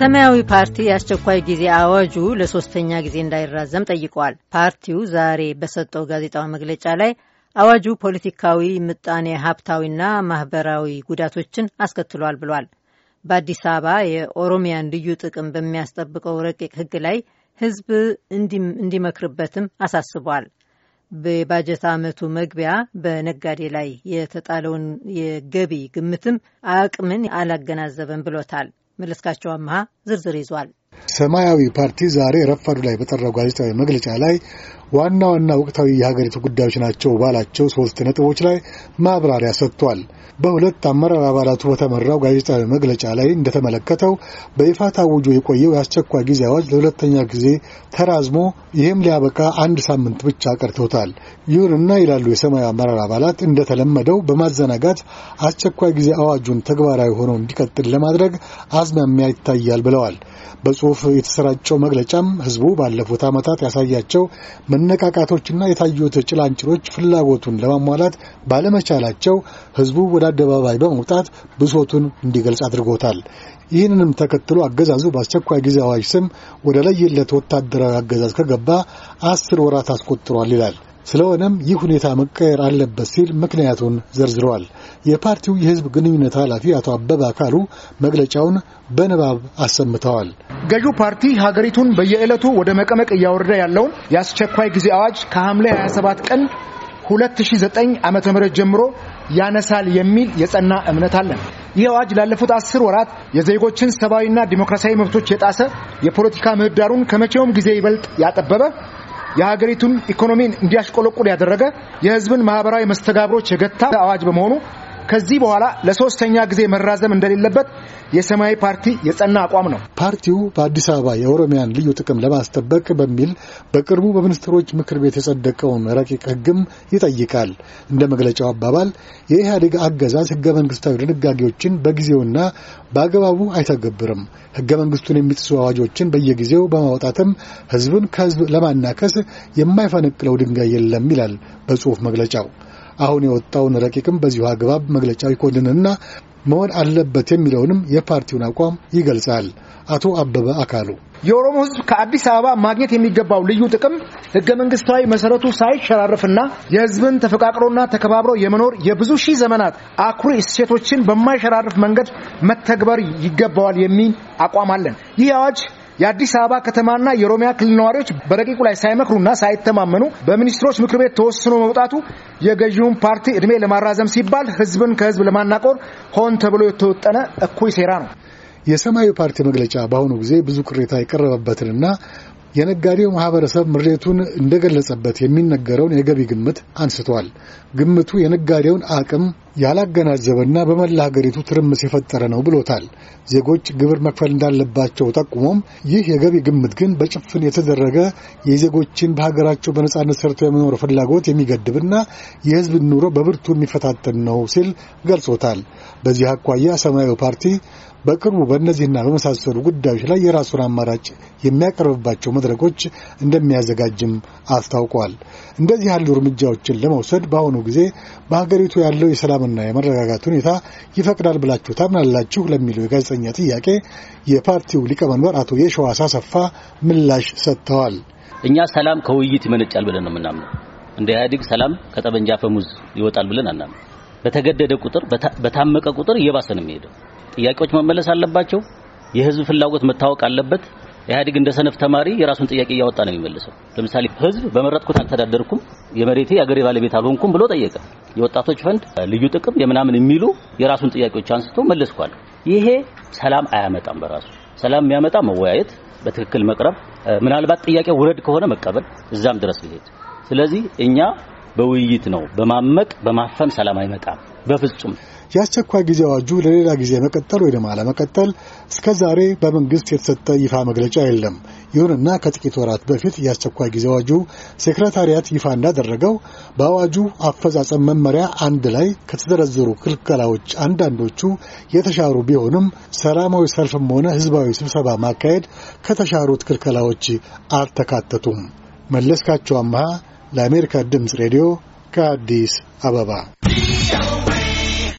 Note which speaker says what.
Speaker 1: ሰማያዊ ፓርቲ የአስቸኳይ ጊዜ አዋጁ ለሶስተኛ ጊዜ እንዳይራዘም ጠይቋል። ፓርቲው ዛሬ በሰጠው ጋዜጣዊ መግለጫ ላይ አዋጁ ፖለቲካዊ፣ ምጣኔ ሀብታዊና ማህበራዊ ጉዳቶችን አስከትሏል ብሏል። በአዲስ አበባ የኦሮሚያን ልዩ ጥቅም በሚያስጠብቀው ረቂቅ ሕግ ላይ ህዝብ እንዲመክርበትም አሳስቧል። በባጀት ዓመቱ መግቢያ በነጋዴ ላይ የተጣለውን የገቢ ግምትም አቅምን አላገናዘበም ብሎታል። መለስካቸው አመሃ ዝርዝር ይዟል።
Speaker 2: ሰማያዊ ፓርቲ ዛሬ ረፋዱ ላይ በጠራው ጋዜጣዊ መግለጫ ላይ ዋና ዋና ወቅታዊ የሀገሪቱ ጉዳዮች ናቸው ባላቸው ሶስት ነጥቦች ላይ ማብራሪያ ሰጥቷል። በሁለት አመራር አባላቱ በተመራው ጋዜጣዊ መግለጫ ላይ እንደተመለከተው በይፋ ታውጆ የቆየው የአስቸኳይ ጊዜ አዋጅ ለሁለተኛ ጊዜ ተራዝሞ ይህም ሊያበቃ አንድ ሳምንት ብቻ ቀርቶታል። ይሁንና ይላሉ የሰማያዊ አመራር አባላት እንደተለመደው በማዘናጋት አስቸኳይ ጊዜ አዋጁን ተግባራዊ ሆነው እንዲቀጥል ለማድረግ አዝማሚያ ይታያል ብለዋል። ጽሑፍ የተሰራጨው መግለጫም ህዝቡ ባለፉት ዓመታት ያሳያቸው መነቃቃቶችና የታዩት ጭላንጭሎች ፍላጎቱን ለማሟላት ባለመቻላቸው ህዝቡ ወደ አደባባይ በመውጣት ብሶቱን እንዲገልጽ አድርጎታል። ይህንንም ተከትሎ አገዛዙ በአስቸኳይ ጊዜ አዋጅ ስም ወደ ለየለት ወታደራዊ አገዛዝ ከገባ አስር ወራት አስቆጥሯል ይላል። ስለሆነም ይህ ሁኔታ መቀየር አለበት ሲል ምክንያቱን ዘርዝረዋል። የፓርቲው የህዝብ ግንኙነት ኃላፊ አቶ አበበ አካሉ መግለጫውን በንባብ አሰምተዋል። ገዢው ፓርቲ ሀገሪቱን በየዕለቱ ወደ መቀመቅ እያወረደ ያለውን የአስቸኳይ
Speaker 3: ጊዜ አዋጅ ከሐምሌ 27 ቀን 2009 ዓ ም ጀምሮ ያነሳል የሚል የጸና እምነት አለን። ይህ አዋጅ ላለፉት አስር ወራት የዜጎችን ሰብአዊና ዲሞክራሲያዊ መብቶች የጣሰ የፖለቲካ ምህዳሩን ከመቼውም ጊዜ ይበልጥ ያጠበበ የሀገሪቱን ኢኮኖሚን እንዲያሽቆለቁል ያደረገ የህዝብን ማህበራዊ መስተጋብሮች የገታ አዋጅ በመሆኑ ከዚህ በኋላ ለሶስተኛ ጊዜ መራዘም እንደሌለበት የሰማያዊ ፓርቲ የጸና አቋም
Speaker 2: ነው። ፓርቲው በአዲስ አበባ የኦሮሚያን ልዩ ጥቅም ለማስጠበቅ በሚል በቅርቡ በሚኒስትሮች ምክር ቤት የጸደቀውን ረቂቅ ሕግም ይጠይቃል። እንደ መግለጫው አባባል የኢህአዴግ አገዛዝ ሕገ መንግስታዊ ድንጋጌዎችን በጊዜውና በአግባቡ አይተገብርም። ሕገ መንግስቱን የሚጥሱ አዋጆችን በየጊዜው በማውጣትም ሕዝብን ከሕዝብ ለማናከስ የማይፈነቅለው ድንጋይ የለም ይላል በጽሑፍ መግለጫው። አሁን የወጣውን ረቂቅም በዚሁ አግባብ መግለጫው ይኮንንና መሆን አለበት የሚለውንም የፓርቲውን አቋም ይገልጻል። አቶ አበበ አካሉ
Speaker 3: የኦሮሞ ሕዝብ ከአዲስ አበባ ማግኘት የሚገባው ልዩ ጥቅም ህገ መንግስታዊ መሰረቱ ሳይሸራረፍና የሕዝብን ተፈቃቅሮና ተከባብሮ የመኖር የብዙ ሺህ ዘመናት አኩሪ እሴቶችን በማይሸራርፍ መንገድ መተግበር ይገባዋል የሚል አቋም አለን። ይህ አዋጅ የአዲስ አበባ ከተማና የኦሮሚያ ክልል ነዋሪዎች በረቂቁ ላይ ሳይመክሩና ሳይተማመኑ በሚኒስትሮች ምክር ቤት ተወስኖ መውጣቱ የገዢውን ፓርቲ እድሜ ለማራዘም ሲባል
Speaker 2: ህዝብን ከህዝብ ለማናቆር ሆን ተብሎ የተወጠነ እኩይ ሴራ ነው። የሰማያዊ ፓርቲ መግለጫ በአሁኑ ጊዜ ብዙ ቅሬታ የቀረበበትንና የነጋዴው ማህበረሰብ ምሬቱን እንደገለጸበት የሚነገረውን የገቢ ግምት አንስቷል። ግምቱ የነጋዴውን አቅም ያላገናዘበና በመላ ሀገሪቱ ትርምስ የፈጠረ ነው ብሎታል። ዜጎች ግብር መክፈል እንዳለባቸው ጠቁሞም ይህ የገቢ ግምት ግን በጭፍን የተደረገ የዜጎችን በሀገራቸው በነጻነት ሰርቶ የመኖር ፍላጎት የሚገድብና የሕዝብን ኑሮ በብርቱ የሚፈታተን ነው ሲል ገልጾታል። በዚህ አኳያ ሰማያዊ ፓርቲ በቅርቡ በእነዚህና በመሳሰሉ ጉዳዮች ላይ የራሱን አማራጭ የሚያቀርብባቸው መድረኮች እንደሚያዘጋጅም አስታውቋል። እንደዚህ ያሉ እርምጃዎችን ለመውሰድ በአሁኑ ጊዜ በሀገሪቱ ያለው የሰላም የሰላምና የመረጋጋት ሁኔታ ይፈቅዳል ብላችሁ ታምናላችሁ ለሚለው የጋዜጠኛ ጥያቄ የፓርቲው ሊቀመንበር አቶ የሸዋስ አሰፋ ምላሽ ሰጥተዋል።
Speaker 4: እኛ ሰላም ከውይይት ይመነጫል ብለን ነው የምናምነው። እንደ ኢህአዴግ ሰላም ከጠመንጃ አፈሙዝ ይወጣል ብለን አናምነው። በተገደደ ቁጥር፣ በታመቀ ቁጥር እየባሰ ነው የሚሄደው። ጥያቄዎች መመለስ አለባቸው። የህዝብ ፍላጎት መታወቅ አለበት። ኢህአዴግ እንደ ሰነፍ ተማሪ የራሱን ጥያቄ እያወጣ ነው የሚመልሰው። ለምሳሌ ህዝብ በመረጥኩት አልተዳደርኩም፣ የመሬቴ የአገሬ ባለቤት አልሆንኩም ብሎ ጠየቀ። የወጣቶች ፈንድ፣ ልዩ ጥቅም የምናምን የሚሉ የራሱን ጥያቄዎች አንስቶ መልስኳል። ይሄ ሰላም አያመጣም። በራሱ ሰላም የሚያመጣ መወያየት፣ በትክክል መቅረብ፣ ምናልባት ጥያቄ ውረድ ከሆነ መቀበል፣ እዛም ድረስ ሊሄድ ስለዚህ እኛ በውይይት ነው በማመቅ በማፈን ሰላም አይመጣም በፍጹም።
Speaker 2: የአስቸኳይ ጊዜ አዋጁ ለሌላ ጊዜ መቀጠል ወይም አለመቀጠል እስከ ዛሬ በመንግስት የተሰጠ ይፋ መግለጫ የለም። ይሁንና ከጥቂት ወራት በፊት የአስቸኳይ ጊዜ አዋጁ ሴክረታሪያት ይፋ እንዳደረገው በአዋጁ አፈጻጸም መመሪያ አንድ ላይ ከተዘረዘሩ ክልከላዎች አንዳንዶቹ የተሻሩ ቢሆንም ሰላማዊ ሰልፍም ሆነ ህዝባዊ ስብሰባ ማካሄድ ከተሻሩት ክልከላዎች አልተካተቱም። መለስካቸው አምሃ ለአሜሪካ ድምፅ ሬዲዮ ከአዲስ አበባ